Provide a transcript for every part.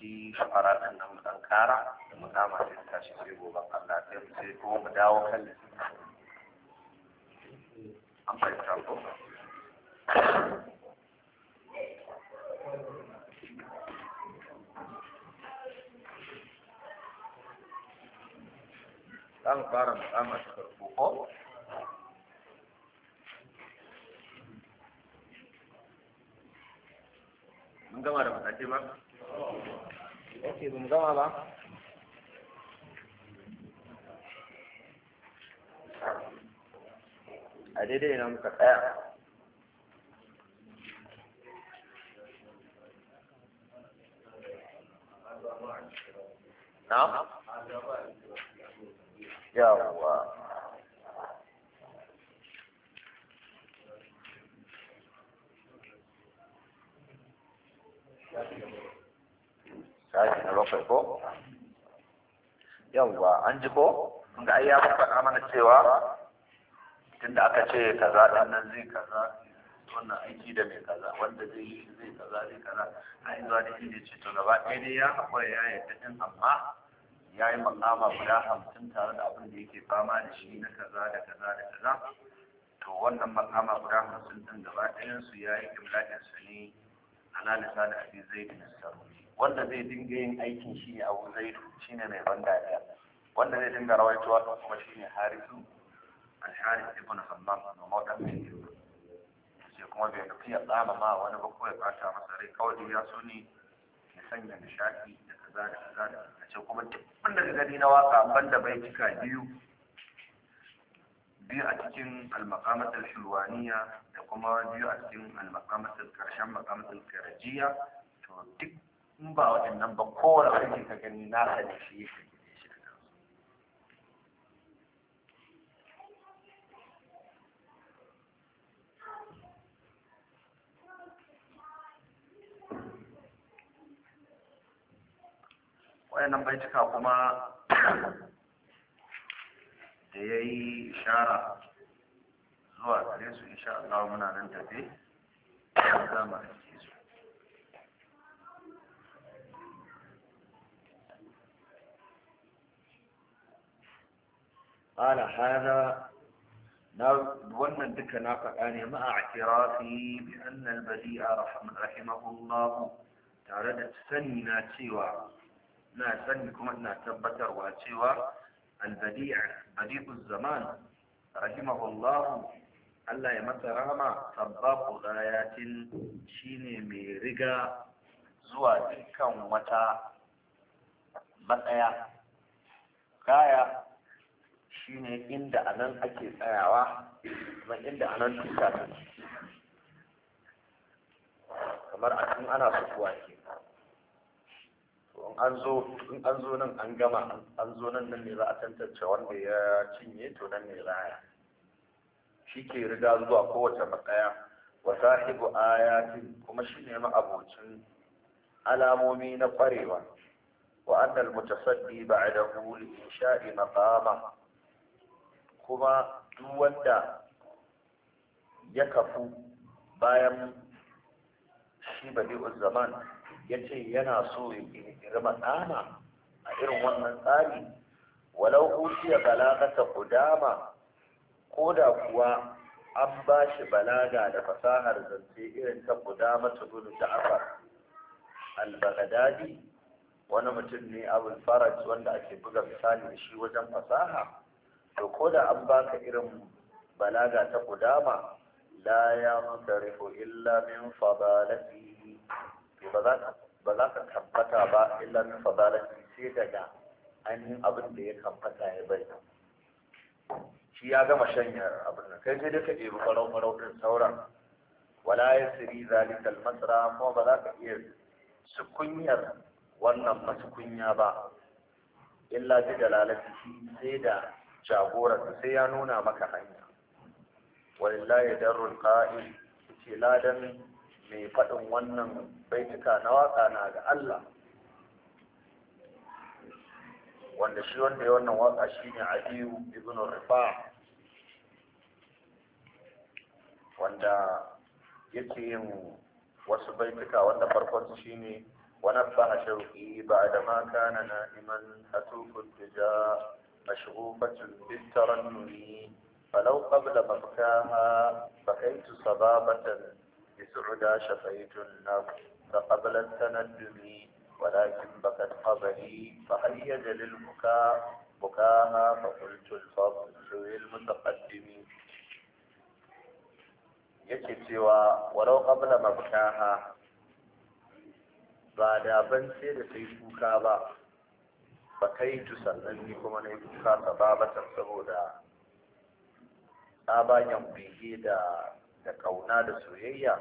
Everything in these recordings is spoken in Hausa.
ɗauki shafara ɗin nan mu ɗan kara da mu kama sai mu tashi sai gobe Allah sai ko mu dawo kan an za mu fara ko mun gama da matakai ba ok ba mu gama ba a daidai na muka tsaya na shafi na bakwai ko yawwa an ji ko ga ai ya faɗa mana cewa tunda aka ce kaza dan nan zai kaza wannan aiki da mai kaza wanda zai yi zai kaza zai kaza na izuwa da inda ce to gaba ɗaya dai ya haƙura ya yadda ɗin amma ya yi maƙama guda hamsin tare da abin da yake fama da shi na kaza da kaza da kaza to wannan maƙama guda hamsin ɗin gaba ɗayansu ya yi imlakin su a ala lisanin abi zai bin sarumi wanda zai dinga yin aikin shi ne abu zai shi ne mai ban dariya wanda zai dinga rawaitowa ɗin kuma shi ne harisu alharis ibn hammam da mautan mai girma sai kuma bai tafi ya tsama ma wani ba ko ya ɓata masa rai kawai ya so ne ya sanya nishaɗi da kaza da kaza da kaza ce kuma duk wanda ka gani na waka banda bai cika biyu biyu a cikin al shulwaniya da kuma biyu a cikin al-maqamat al-karshen karshen maqamat al karajiya to duk in ba waɗannan ba kowane aikin ka gani na sani shi ya shi waɗannan cika kuma da ya yi ishara zuwa gare su insha Allah muna nan tafe za mu hana hada wannan duka na faɗa ne ma'a i'tirafi bi anna al rahimahullah tare da sani na cewa na sani kuma ina tabbatarwa cewa al-badi'a zaman rahimahullah Allah ya masa rahama sababu ayatin shine mai riga zuwa dukkan wata matsaya kaya shine inda anan ake tsayawa kuma inda anan tuta ta kamar a cikin ana sukuwa ke in an zo in an zo nan an gama an zo nan nan ne za a tantance wanda ya cinye to nan ne za a shi ke riga zuwa kowace matsaya wa sahibu ayatin kuma shi ne ma'abocin alamomi na kwarewa wa annal mutasaddi ba'dahu li insha'i maqama kuma duk wanda ya kafu bayan shi badi'ul zaman ya ce yana so ya ƙirƙiri matsana a irin wannan tsari walau balaga balagata kudama ko da kuwa an ba shi balaga da fasahar zance irin ta kudama ta gudu da afar albagadadi wani mutum ne abul faraj wanda ake buga misali da shi wajen fasaha to ko da an baka irin balaga ta kudama la ya mutarifu illa min fadalati ba za tabbata ba illa min fadalati sai daga ainihin abin da ya tabbata ya bari shi ya gama shanya abin nan kai sai duka ɗebi farau farau din sauran wala ya siri zalikal masra kuma ba za ka iya sukunyar wannan masukunya ba illa bi dalalati sai da jagoransa sai ya nuna maka hanya ya darul qa'il ce ladan mai faɗin wannan baituka na waka na ga Allah wanda shi wanda ya wannan waka shine Aliyu ibn Rifa wanda yake yin wasu baituka wanda farkon shine maka na بعدما كان نائما أتوف الدجاء مشغوفة بالترنم فلو قبل مبكاها بكيت صبابة بسعدى شفيت النفس فقبل التندم ولكن بكت قبلي فهيج للبكاء بكاها فقلت الفضل للمتقدم yake cewa walau qabla mabkaha ba da ban sai da sai kuka ba Ba fakaitu sannan ni kuma na yi kasa babatan saboda tsabayan bege da da kauna da soyayya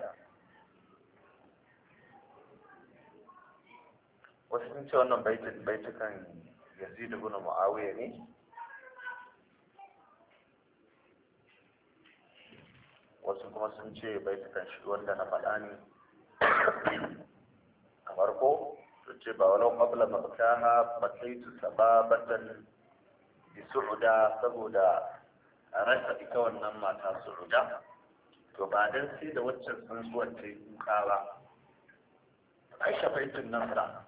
wasu sun ce wannan baitukan yazidu bin muawiya ne wasu kuma sun ce baitukan shi wanda na faɗa ne a farko Su ce ba walau qabla mabtaha bataitu sababatan bi su'uda saboda a rasa ita wannan mata su'uda to ba dan sai da waccan tsuntsuwar ta yi kuka ba ai shafaitun nasra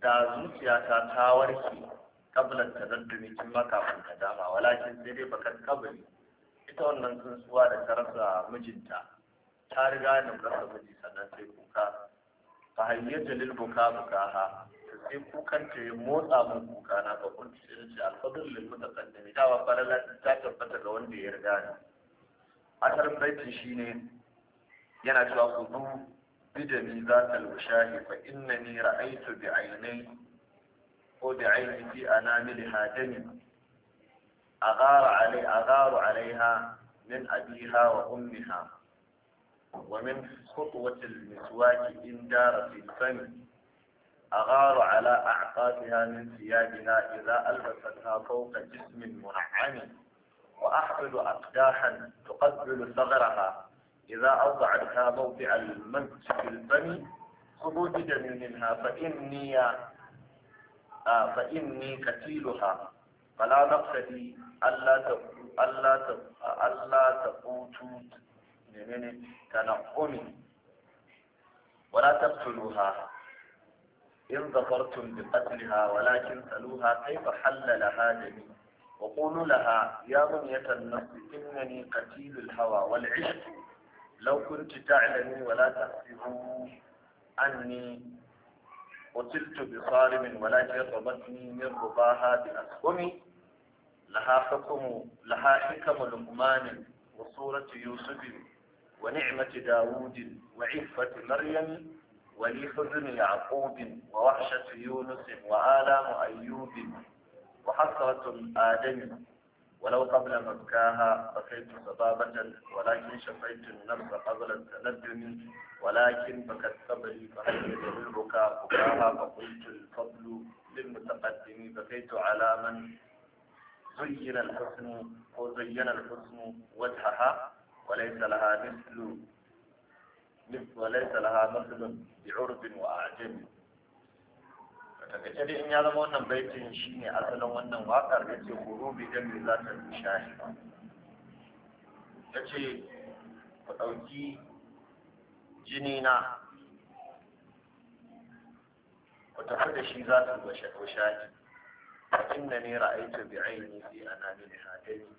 da zuciyata ta warke kablan ta daddumi tun makafin ta dama walakin sai dai bakar kabari. ita wannan sun tsuntsuwa da ta rasa mijinta ta riga ni rasa miji sannan sai kuka fa hayyaja lil buka ha sai kukan ta yi motsa mun kuka na ba kun ci irin ce alfadun lil mutaqaddimi dawa farala ta tabbata ga wanda ya riga ni asar baiti shine yana cewa kudu bidami za ta lushahi fa innani ra'aytu bi aynai ko bi ayni fi anamilha dami أغار علي أغار عليها من أبيها وأمها ومن خطوة المسواك إن دار في الفم أغار على أعقابها من ثيابها إذا ألبستها فوق جسم منعم وأحفظ أقداحا تقبل ثغرها إذا أوضعتها موضع المنج في الفم خروج دم منها فإني آه فإني كتيلها فلا نقصدي ألا تقوت ألا تقوت menene tanaqumi ولا تقتلوها إن ظفرتم بقتلها ولكن walakin كيف حل لها dami وقولوا لها يا بنية النفس إنني قتيل الهوى والعشق لو كنت تعلمي ولا تحسبي أني قتلت بصارم ولكن ربتني من رباها بأسهمي لها حكم لها حكم لقمان وصورة يوسف ونعمة داود وعفة مريم ولحزن يعقوب ووحشة يونس وآلام أيوب وحسرة آدم ولو قبل مكاها بكيت صبابة ولكن شفيت النفس قبل التندم ولكن بكت صبري فهيئ البكاء بكاها فقلت الفضل للمتقدم بكيت على من زين الحسن وزين الحسن وجهها وليس لها مثل in ya zama wannan وأعجم فتكتري إن wannan أن بيت شيني أصلا وأن واقع يتي قلوب دم ba. Ya yace ku ɗauki jini na ku tafi da shi za su washahi inna ne ra'aitu bi'aini fi anani hadani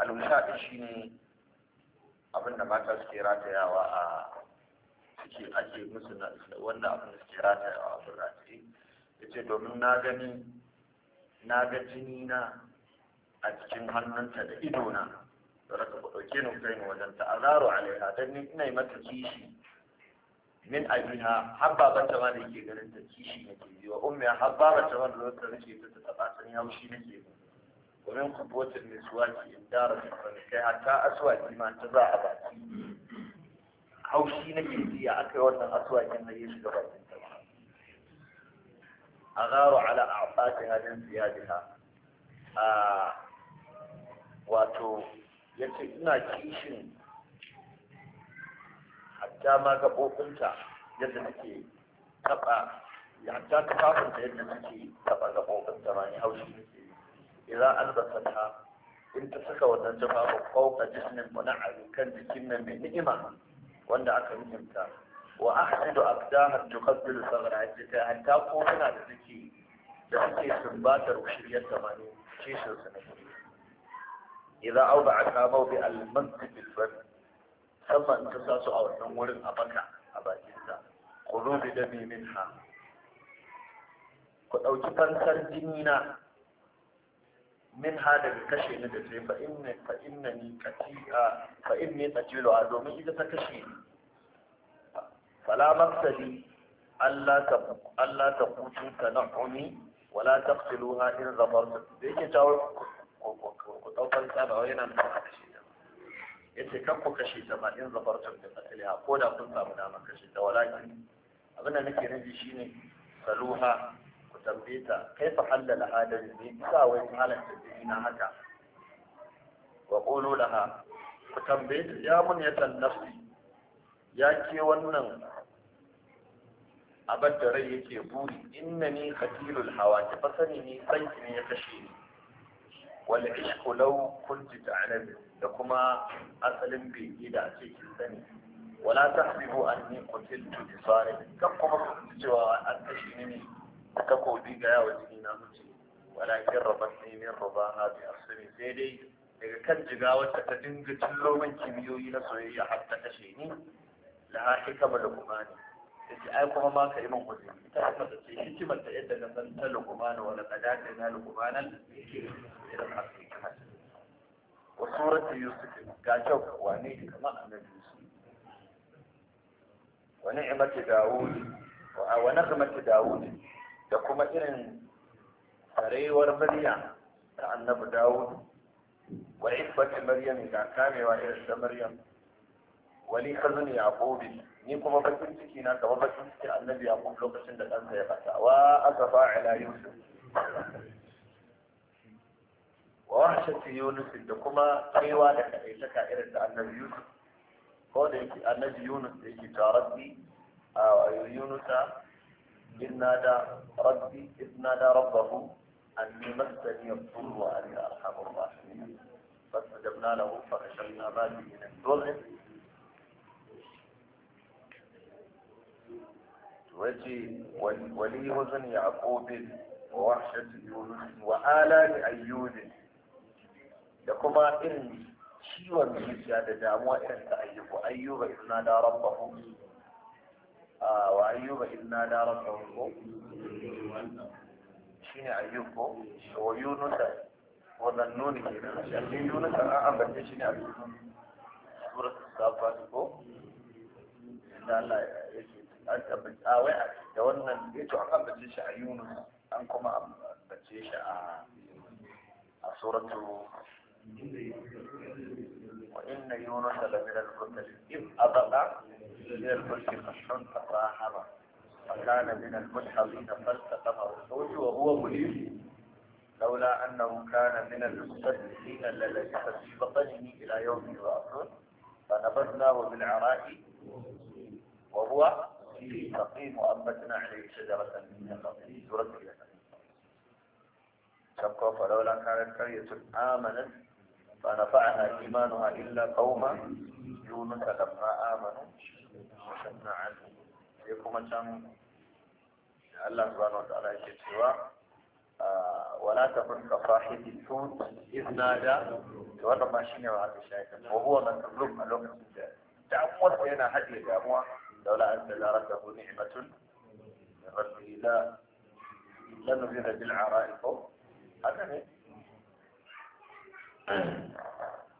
al-washahi shine abin da mata suke ratayawa a suke ake musu wanda abin da suke ratayawa abin rataye ya ce domin na gani na ga jini na a cikin hannunta da ido na da raka ku ɗauke ni kai ni wajen ta azaru alaiha dan ni ina yi mata kishi min abiha har babanta ma da yake ganin ta kishi nake yi wa ummi har babanta ma da lokacin da ta taba ta ni haushi nake yi ومن قبوة النسوان في إمدار الفرنكي حتى أسواق لما انتظى عبادة حوشينا جديا أكي وانا أسواق أن يشد بعض أغار على أعطاتها من زيادها آه، واتو يتبنا كيشن حتى ما قبو قمتا يزنكي تبقى يعني تبقى يزنكي تبقى قبو قمتا ما يحوشينا جديا idan albasata in ta saka wannan jafafin fauka jismin muna'ari kan jikin nan mai ni'ima wanda aka muhimta wa ahsadu aqdamar tuqabbilu sabra ce kai hatta ko tana da suke da suke sumbatar shiryar tamani cishin su ne idan au ba aka mau bi al-mantiq ta a wannan wurin a baka ku ɗauki fansar jini na min ha daga kashe ni da ce fa inna fa inna ni qati'a fa inni domin ita ta kashe ni fala maqsadi Allah ta Allah ta kutu ta na'uni wala taqtiluha in zafartu da yake tawo ku daukar ta ba yana da kashe ta yace kan ku kashe ta ba in zafartu da qatliha ko da kun samu dama kashe ta ki. abin da nake nufi shine saluha tambaye ta kai fa halala hadari ne kisa wai halatta jini na haka wa qulu ku tambaye ya mun ya nafsi ya ke wannan Abar da rai yake buri inna ni qatilul hawa ta ne ni sanki ne ya kashe ni wal ishqu law kunti ta'lam da kuma asalin bege da ake kin sani wala tahsibu anni qutiltu bi sarif kan kuma cewa an kashe ni ne kofi ga yawa jini na mace walakin rabatni min rabana bi asri sai dai daga kan jiga wacce ta dinga cillo min kimiyoyi na soyayya har ta kashe ni la hikama lukumani yace ai kuma ma ka yi min kuzi ita haka ta ce hikimar ta yadda na san ta lukumana wala qadaka na lukumanan ila hakika wa suratu yusuf ga kyau wane kamar annabi yusuf wa ni'matu daud wa naqmatu daud da kuma irin tsarewar murya da annabi dawud wa ifbat maryam ga kamewa irin da maryam wani wali khazun yaqub ni kuma bakin ciki na gaba bakin ciki annabi kuma lokacin da ɗansa ya fata wa aka ala yusuf wa wahshati yunus da kuma kaiwa da kaɗaitaka irin da annabi yusuf ko da yake annabi yunus da yake tarabbi a yunusa إذ نادى ربي إذ نادى ربه أني مسني الضر وأني أرحم الراحمين فاستجبنا له فكشفنا ما به من الضر وجي ولي وزن يعقوب ووحشة يونس وآلاء أيود لكما إن شيوا من يسيادة دعوة إن أيوب إذ نادى ربه wa ayyuba inna da rabbahu ko shine ayyub ko wa yunus wa dhannun shi yunus an ambace shi ne a surat safat ko inna Allah yake an tabbace a wai da wannan an ambace shi a yunusa an kuma ambace shi a a suratu وإن يونس لمن المرسلين إذ أبقى فطاهر فكان من المدحضين فالتقطه الزوج وهو مليم لولا أنه كان من المستدرسين للبث في بطنه إلى يوم الآخر فنبذنا وبالعراء وهو في سقيم وأنبتنا عليه شجرة من يقطين سورة اليقين فلولا كانت قرية آمنت فنفعها إيمانها إلا قوم يونس لما آمنوا musamman ali sai kuma can Allah subhanahu wa ta'ala yake cewa wala takun ka sahibi tun iznada to wannan ma shine wa aka shaika ko huwa makrub a lokacin da damuwar yana haɗe damuwa daula an talarakahu ni'matun min rabbihi la لأنه بين بالعراء فوق هذا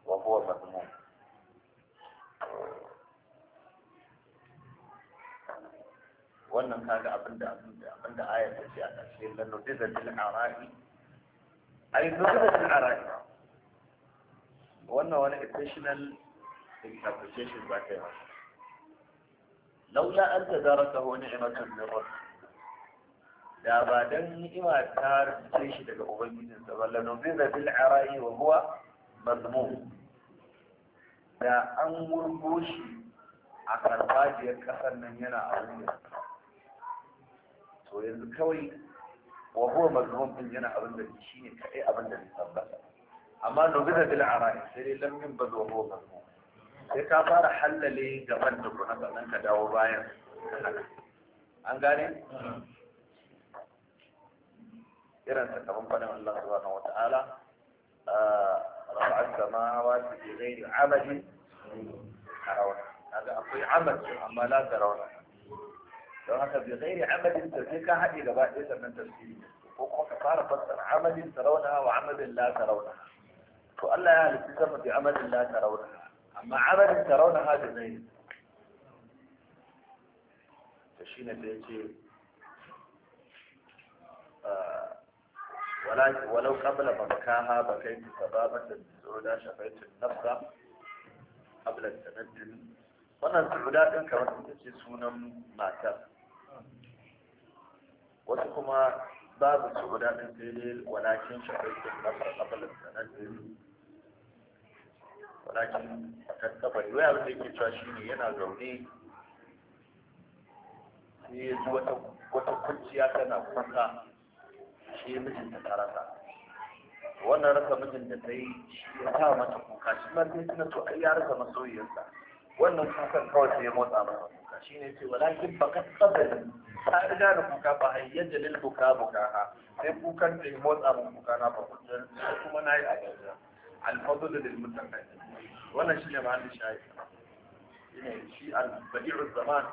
وهو مذموم wannan kaga abinda abinda ayar ta ce a ƙarshe la nudiza bil ara'i ai nudiza bil ara'i wannan wani additional interpretation ba ta yi masa laula an ta tadarakahu ni'matun min rabbih da ba dan ni'ima ta rubuce shi daga ubangijinsa ba lanuziza bil ara'i wa huwa mazmum da an wurgo shi a farfajiyar ƙasar nan yana a wuyan to yanzu kawai wa huwa mazhum din yana abin da shi ne kai abin da bai tabbata amma nuzila bil ara'i sai dai lam yunbaz wa huwa mazhum sai ka fara hallale gaban da kuma sannan ka dawo bayan an gane irin sakamakon fadin Allah subhanahu wata'ala رفع السماوات بغير عمد ترون هذا أقول عمد أما لا ترونه don haka bai gairi amalin da sai ka haɗe gaba ɗaya sannan tafsiri ko kuma ka fara fassara amalin sarauna wa amalin la sarauna to Allah ya halitta sama bi amalin la sarauna amma amalin sarauna ha da zai to shine da yace ولو قبل مبكاها بكيت سبابة الزعودة شفيت النفسة قبل التندم wannan su'uda ɗin kamar ita ce sunan matar wasu kuma babu su guda ɗin sai dai walakin shahararrun na farfafalar sanar da walakin matattabar yau abin da yake cewa shi ne yana zaune sai ya ji wata kwanciya tana kwanta shi mijinta ta rasa wannan rasa mijin da ta yi shi ya sa mata kuka shi ma sai suna to ai ya rasa masoyiyarsa wannan kukan kawai sai ya motsa masa ne ce walakin fakat sabari ta riga da kuka ba hayyar da lil buka buka ha sai kukan da motsa mun kuka na ba kudin kuma na yi a gaza alfadul lil mutakai wannan shine ma'anin shayi shine shi al-badi'u zaman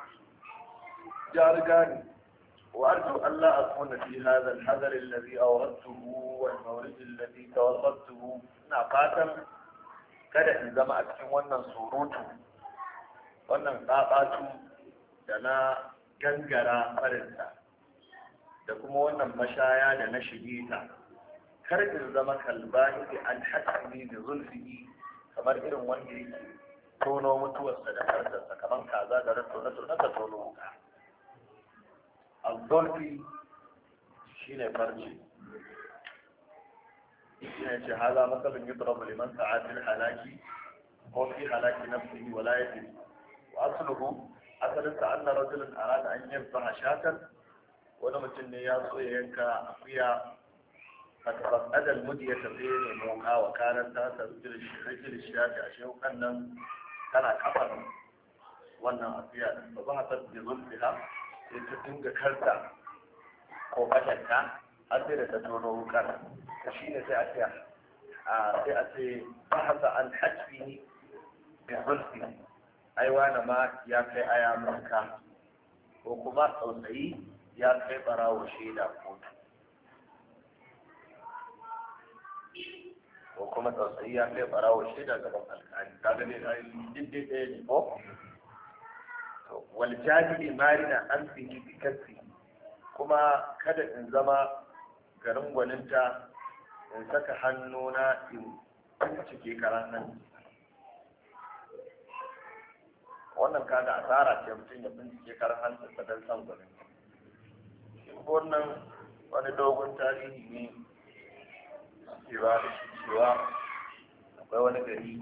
ya riga ne وأرجو ألا أكون في هذا الحذر الذي أوردته والمورد الذي توسطته ناقاتا kada in zama a cikin wannan surutu wannan tsatsatu da na gangara farinta da kuma wannan mashaya da na shige ta kar in zama kalbahi da alhaƙi da zulfi kamar irin wanda yake tono mutuwarsa da fardarsa kamar kaza da rato na tono ta tono wuka al shi ne farce ne ce hala masalin yudrabu liman cikin halaki ko fi halaki nafsihi wala yadri wa asluhu asalinsa anna rajulun arada an yarfa shatan wani mutum ne ya so ya yanka akuya a tafaddal mudi ya tafi ne mun hawa karan ta ta rijil shati a shehu kan nan tana kafan wannan akuya ba ba ta bi zulfiha sai ta dinga karta ko bashanta har sai da ta tono wukar shi ne sai a ce sai a ce ba hasa an hajji bi zulfiha ai na ma ya kai aya barka ko kuma tsautsayi ya kai barawo shaida kotu ko kuma tsautsayi ya kai barawo shaida gaban alkali kaga ne ai dindin daidai ne ko wal jahili marina an fi kasi kuma kada in zama garin gwaninta in saka hannuna in cike karan nan wannan kaga asara ce mutum ya bincike karan hancinsa don san gwanin wannan wani dogon tarihi ne cewa da shi cewa akwai wani gari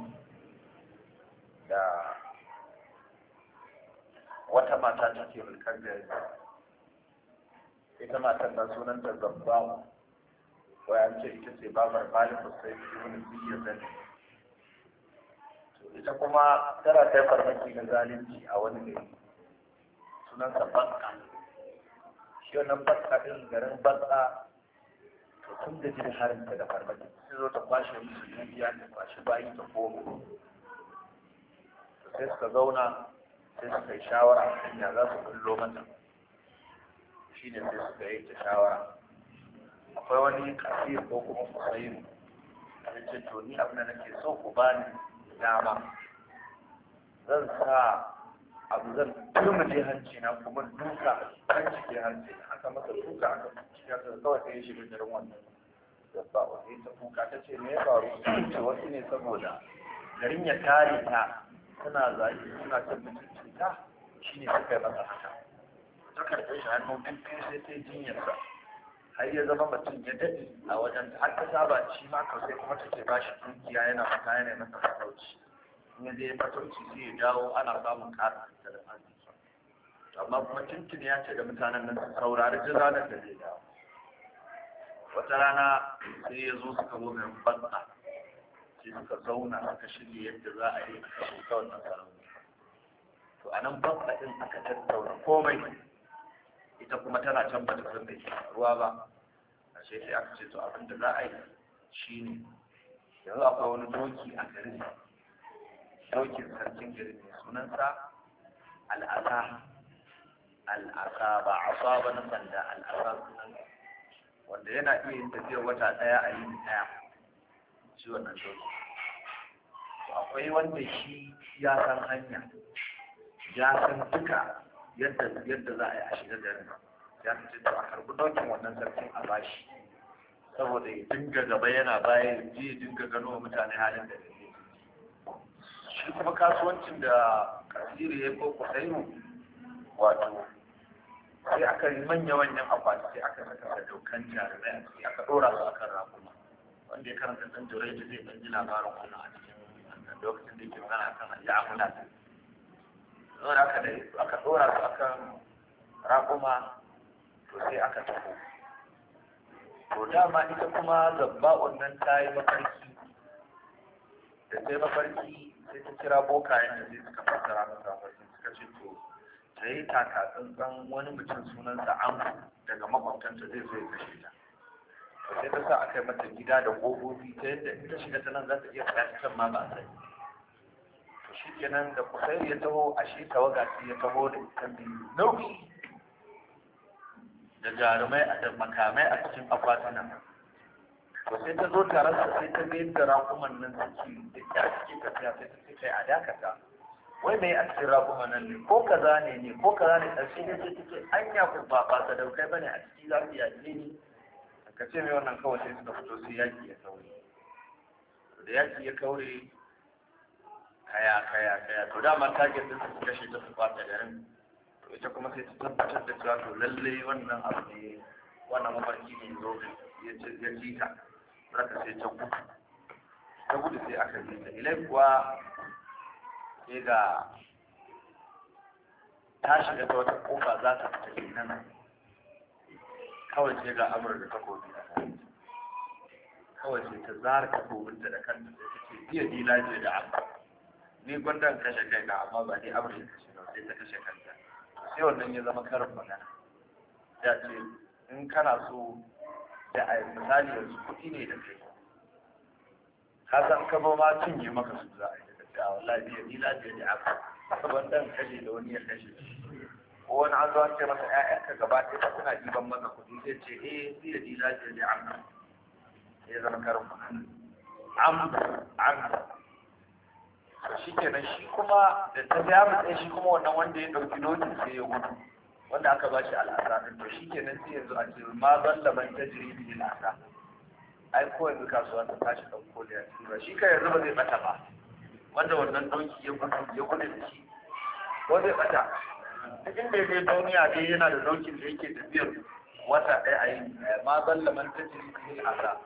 da wata mata ta ce mulkar da ita matar na sunanta gabbawa ko ya ce ita ce babar shi wani biyu biyar zane ita kuma tara kai farmaki na zalunci a wani gari sunansa banka shi wannan banka din garin batsa to tun da jin ta da farmaki sai zo ta kwashe musu dukiya ta kwashe bayi ta koma to sai suka zauna sai suka yi shawara a kan ya za su kullo mata shi ne sai suka yi ta shawara akwai wani kasir ko kuma kusayin a ce to ni abin da nake so ku bani dama zan sa abu zan turmaje hanci na kuma duka kan cikin hanci na aka masa duka aka cikin hanci kawai kai ya shiga jirin wannan dabba wata ta kuka ta ce me ya faru ta wasu ne saboda garin ya kare ta suna zaki suna cin mutuncin ta shi ne suka yi masa haka ta karɓe shi hannu sai ta yi jinyarsa har ya zama mutum ya daɗe a wajen har ta saba shi ma kawai kuma take ba shi dukiya yana fata yana masa fatauci in zai fatauci sai ya dawo ana samun ƙarin tattalin arziki amma kuma tuntun ya ce da mutanen nan saurari ta ranar da zai dawo wata rana sai ya zo suka zo garin banza sai suka zauna suka shirya yadda za a yi a kashe kawai wannan sarauta to a nan banza ɗin aka tattauna komai ita kuma tana can ba ta ruwa ba a sai aka ce to abin da za a yi shine yanzu akwai wani doki a garin dokin sarkin garin mai sunansa al'asa al'asa ba sa ba na sanda al'asa sunan wanda yana iya yin tafiyar wata ɗaya a yin ɗaya shi wannan doki akwai wanda shi ya san hanya ya san duka yadda za a yi a shiga garin ya san cewa a harbi dokin wannan sarkin a bashi saboda ya dinga gaba yana baya ji ya dinga gano wa mutane halin da ne shi kuma kasuwancin da kasiri ya ko mu wato sai aka yi manya-manyan akwati sai aka saka da dokan jarumai a ciki aka ɗora su akan rakuma wanda ya karanta ɗan jurai da zai ɗan ji labarin wannan a cikin lokacin da yake magana akan al'amula saboda aka ɗora su akan rakuma to sai aka tafi Ko dama ita kuma zabba'un wannan ta yi mafarki da sai mafarki sai ta kira bokayen da zai suka fasara masa mafarki suka ce to ta yi taka tsantsan wani mutum sunansa an daga makwabtanta zai zo ya kashe ta to sai ta sa a kai mata gida da gogobi ta yadda ita shiga ta nan za ta iya fara kan ma ba a sani to shi kenan da kusai ya taho a shi tawaga ya taho da ita biyu nauyi da jarumai da makamai a cikin akwatunan to sai ta zo tare da sai ta ga yadda rakuman nan suke duk da suke tafiya sai ta kai a dakata wai mai a cikin rakuman nan ne ko kaza ne ne ko kaza ne a ne sai ta "an ya ku ba ba ta daukai bane a cikin lafiya ne ne ka ce mai wannan kawai sai suka fito sai yaki ya kaure da yaki ya kaure kaya kaya kaya to dama ta din su kashe ta su kwata garin to ita kuma sai ta tabbatar da cewa to lalle wannan abu ne wannan mafarki ne zo ya ji ta zaka sai ta gudu ta gudu sai aka ji ta ilai kuwa sai ga ta shiga ta wata kofa za ta fita kenan kawai sai ga amur da kofi a kawai sai ta zara takobinta da kanta sai ta ce iya ni ce da abu ni gwandan kashe kai na amma ba ni amur da kashe sai ta kashe kanta sai wannan ya zama karin magana ya ce in kana so da a misali yanzu kuɗi ne da kai ka san ka ba ma cinye maka su za a yi da ta a wallahi biya ni lafiya da aka saban dan kashe da wani ya kashe ko wani an zo an ce masa ƴaƴanka gaba ɗaya ba suna ɗiban maka kuɗi sai ce eh biya ni lafiya da aka ya zama karin magana am am shi kenan shi kuma da ta ya mutsa shi kuma wannan wanda ya ɗauki notin sai ya gudu wanda aka ba shi al'asa ɗin to shi kenan sai yanzu a ce ma da ban ta ne na ta ai ko yanzu kasuwa ta tashi ɗan koli a cikin shi kai yanzu ba zai ɓata ba wanda wannan ɗauki ya gudu ya gudu da shi ko zai ɓata duk inda ya duniya dai yana da ɗaukin da yake tafiyar wata ɗaya a yi eh, ma da ban ta ne na ta.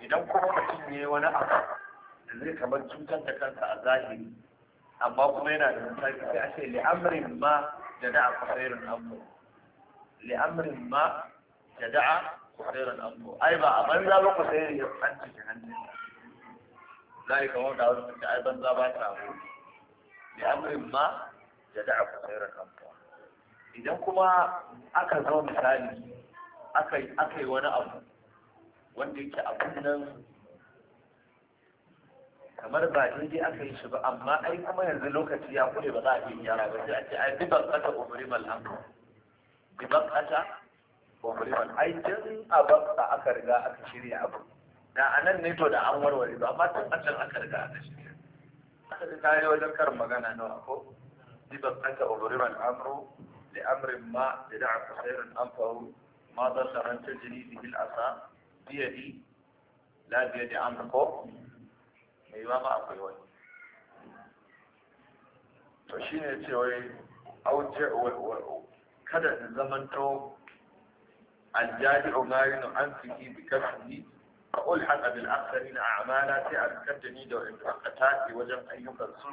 idan kuma mutum ne wani abu zai kamar cutar da kansa a zahiri amma kuma yana da misali sai a ce li'amrin ma da jada'a kuhairin amma li'amrin ma da da'a kuhairin amma ai ba a banza ba ku sai ya fanci ki hannun zai kamar da wasu ta ai banza ba ta abu li'amrin ma da jada'a kuhairin amma idan kuma aka zo misali aka yi wani abu wanda yake abin nan kamar ba daidai aka yi shi ba amma ai kuma yanzu lokaci ya kure ba za a yi gyara ba sai a ce ai bi bakata umri mal amru bi bakata umri mal ai jin a bakata aka riga aka shirya abu da anan ne to da an warware ba amma tun a can aka riga aka shirya aka ga kayan wajen karin magana nawa ko bi bakata umri mal amru li amrin ma da da'a kusairun amfahu ma da saran tajiri jini al-asa biyadi la biyadi amru ko kaza ba akwai wani to shi ne ce wai auce kada in zamanto aljadi'u marinu an fihi bi kafini a ulhaqa bil aktharina a'mala sai a kaddani da wa'in aka tafi wajen ayyukan su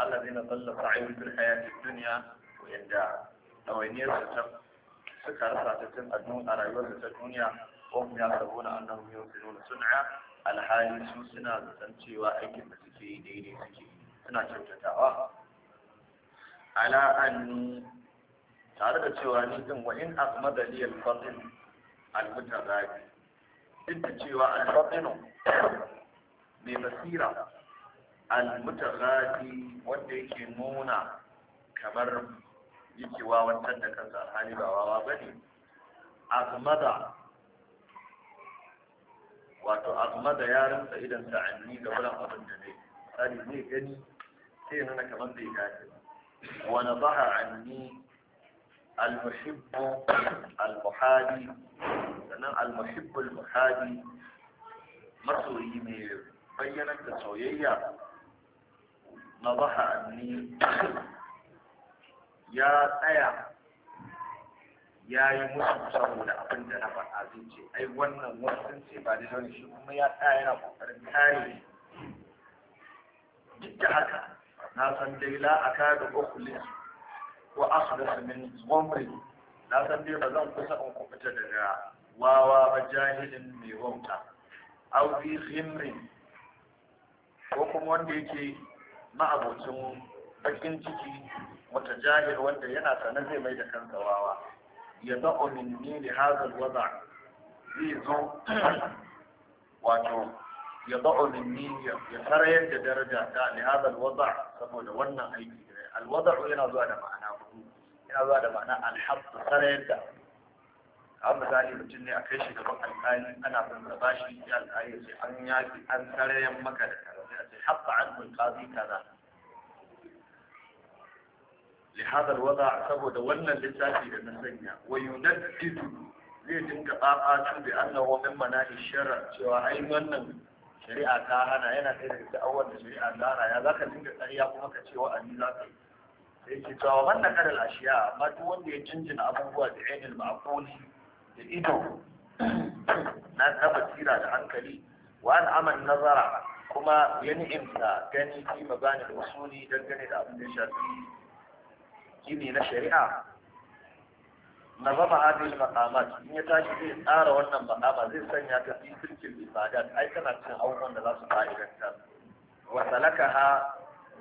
alladhina dhalla sa'ihum fil hayati dunya wa'inda dawainiyar su ta suka rasa ta tun a rayuwar ta duniya wa hum yasabuna annahum yusinuna sun'a alhali su suna zaton cewa aikin da suke yi daidai suke suna kyautatawa ala anni tare da cewa ni din wa in azmada li al-fadl al duk da cewa al-fadl mai basira al wanda yake nuna kamar yake wawantar da kansa alhali ba wawa bane azmada wato da yaran rinsa idan anni da wannan abin da ne sai ne gani sai nuna kamar bai dace ba wa nadaha anni المحب المحادي sannan almuhibbul muhadi masoyi mai bayyanar da soyayya na baha anni ya yi musu saboda abin da na faɗa zuci ai wannan wasan ce ba da zaune shi kuma ya tsaya yana kokarin kare duk da haka na san dai la a kare da kokulin ko asibasa min tsomri na san dai ba zan kusa in kubuta daga wawa ba jahilin mai wauta au fi himrin ko kuma wanda yake ma'abocin bakin ciki wata jahil wanda yana sanar zai mai da kansa wawa يبقى من مين لهذا الوضع ليزون واتو يبقى من مين يفرين درجة لهذا الوضع سمونا ونا أي الوضع هنا ذا معنى هنا ذا معنى الحظ فرين دا أما ذا يمتني أكيش يبقى الآن أنا من مباشي يال آية أن يأتي أن سرين مكة حق عنه القاضي كذا لهذا الوضع saboda wannan littafi da na sanya zai dinga tsatsa bi annahu min manahi shara cewa ai wannan shari'a ta hana yana ɗaya daga da'awar da shari'a ta hana ya zaka dinga tsariya kuma ka ce wa'azi za ka yi sai ke cewa wannan kadal ashiya amma duk wanda ya jinjina abubuwa da ainihin ma'akuli da ido na ta basira da hankali wa aman nazara kuma ya ni'imta gani fi mabanin usuli dangane da abin da ya shafi gini na shari'a Na nazama hadin maqamat in ya tashi zai tsara wannan maqama zai sanya ta fi sirkin ibadat ai tana cin abubuwan da za su fa'idanta wa salakaha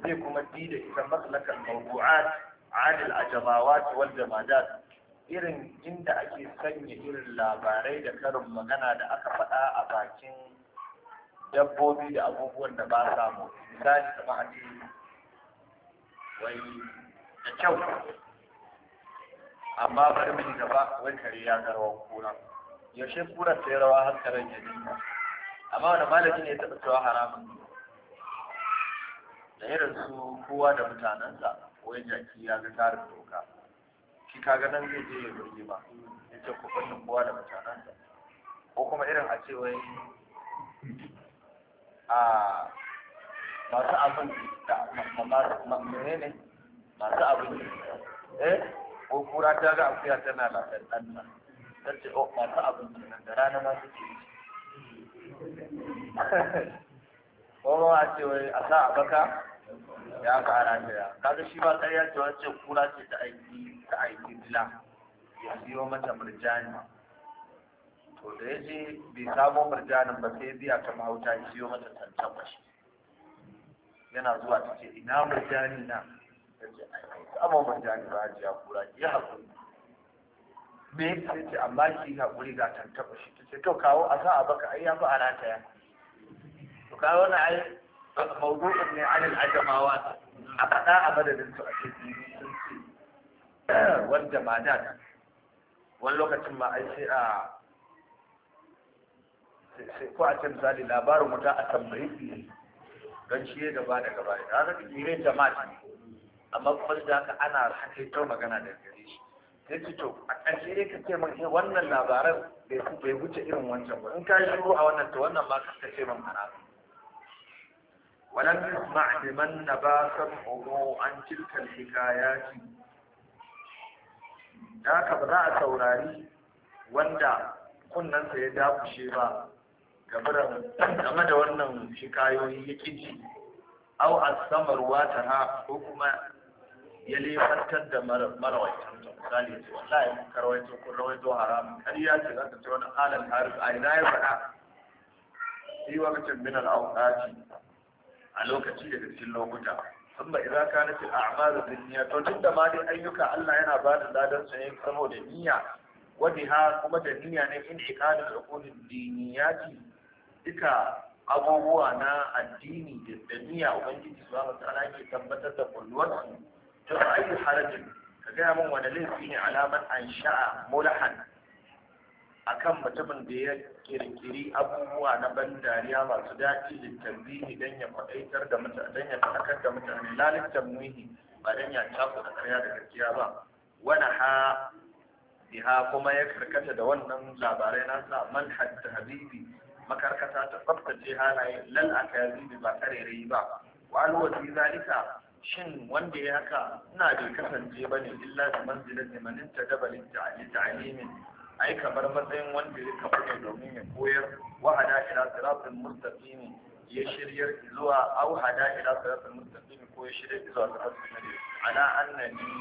zai kuma bi da ita maslakal mawdu'at anil ajabawat wal jamadat irin inda ake sanya irin labarai da karin magana da aka faɗa a bakin dabbobi da abubuwan da ba sa mu misali kamar a wai da kyau amma bari mu gaba wai kare ya ga rawan kura yaushe kura ta rawa har karen ya dinka amma wani malami ne ya taɓa cewa haramun da irin su kowa da mutanensa wai jaki ya ga tarin doka shi kaga nan zai je ya burge ba ya ce ku kunnin kowa da mutanensa ko kuma irin a ce wai a masu abin da ne? masu abinci eh ko kura ta ga akuya tana da ɗan nan ta ce oh masu abinci nan da rana ma suke ko a ce wai a sa abaka baka ya kara ta ya kaga shi ba ƙarya ce wacce kura ce ta aiki ta aiki dila ya biyo mata murjani to da ya je bai samo murjanin ba sai biya ta mahauta ya biyo mata tantan yana zuwa ta ce ina murjani na kama manja ne ba hajiya kura ki haƙuri me ya ce amma ki yi ga tantaɓa shi ta ce to kawo a sa a baka ai ya fi a rataya to kawo na ai ne ajamawa a faɗa a madadin su a ce sun ce wanda ma da wani lokacin ma ai sai a ko a ce misali labarin wuta a tambayi don shi ya gaba da gaba da haka ne jama'a ne amma kuma da haka ana hakai ta magana da gare shi ya ce to a ƙarshe dai ka ce mai eh, wannan labaran bai bai wuce irin wancan ba in ka yi shiru a wannan to wannan ba ka ce man mana ولم an بمن نبا سمعه Da تلك ba za a saurari wanda kunnansa ya dafushe ba game da wannan shikayoyi ya ji, au asamar wata ha ko kuma ya lefantar da marawaitan ta misali ya ce wallahi mun karwaito kun rawaito haram ƙarya ce za ta ce wani alal haris a ina ya faɗa fi wakacin min al-awqati a lokaci daga cikin lokuta amma idza kanat al-a'malu bin-niyyah to tunda ma dai ayyuka Allah yana ba da ladan sa ne saboda niyya ha, kuma da niyya ne in ikadul uqulin diniyati duka abubuwa na addini da niyya ubangiji subhanahu wa ta'ala ke tabbatar da kulluwarsu to a ayyu harajin ka gaya min wani laifi ne alamar an sha'a mulahan akan mutumin da ya kirkiri abubuwa na ban dariya masu daɗi littambihi don ya faɗaitar da mutane don ya da mutane lalin tamwihi ba don ya tafi da ƙarya da gaskiya ba wani ha biha kuma ya karkata da wannan labarai sa man hadda habibi makarkata ta tsabtace halaye lal ba karerai ba wa alwazi zalika shin wanda ya haka ina bai kasance ba ne illa da manzilar da maninta da balin ta'alimin ai kamar matsayin wanda ya kafa ne domin ya koyar wahada ila siratul mustaqim ya shiryar zuwa au hada ila siratul mustaqim ko ya shirya zuwa siratul mustaqim ala annani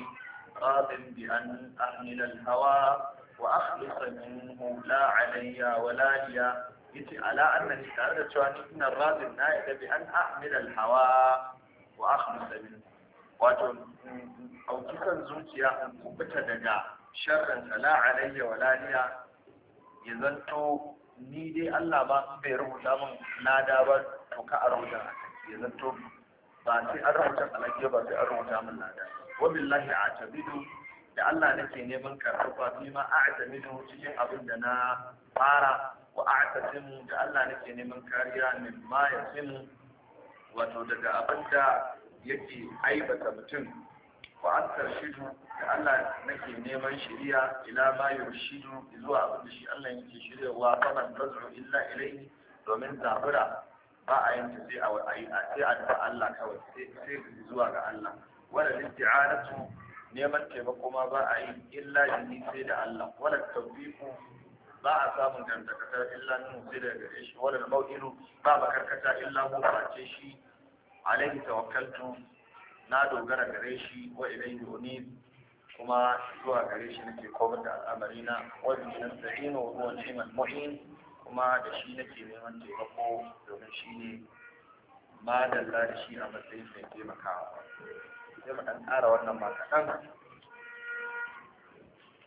qadin bi an ahmil al hawa wa akhlis minhu la alayya wa la liya yace ala annani tare da cewa ni ina radin na yadda bi an ahmil al hawa wa akhlas min wato auki kan zuciya in kubuta daga sharrin la alayya wa laniya ya zanto ni dai Allah ba bai rubuta min lada ba to ka a rubuta ya zanto ba sai an rubuta alaƙiya ba sai an rubuta min lada wa billahi a'tabidu da Allah nake neman karfafa fi ma a'tamidu cikin abin da na fara wa a'tasimu da Allah nake neman kariya min ma yasimu wato daga abin da yake aibata mutum wa an shidu da Allah nake neman shiriya ila ma rushidu zuwa abin shi Allah yake wa kaman tazu illa ilai domin zabura ba a yin sai a sai da Allah kawai sai zuwa ga Allah wala isti'anatu neman taimako ma ba a yi illa yi sai da Allah wala tawfiqu ba a samun dangantakar illa nuna sai da gare shi wala mau'ilu ba makarkata illa mu ba ce shi alaihi tawakkaltu na dogara gare shi wa ilayhi unib kuma zuwa gare shi nake komar da al'amari na wa bi nasta'inu wa huwa ni'mal mu'in kuma da shi nake neman taimako domin shi ne madalla da shi a matsayin mai taimakawa sai mu dan ƙara wannan ma kaɗan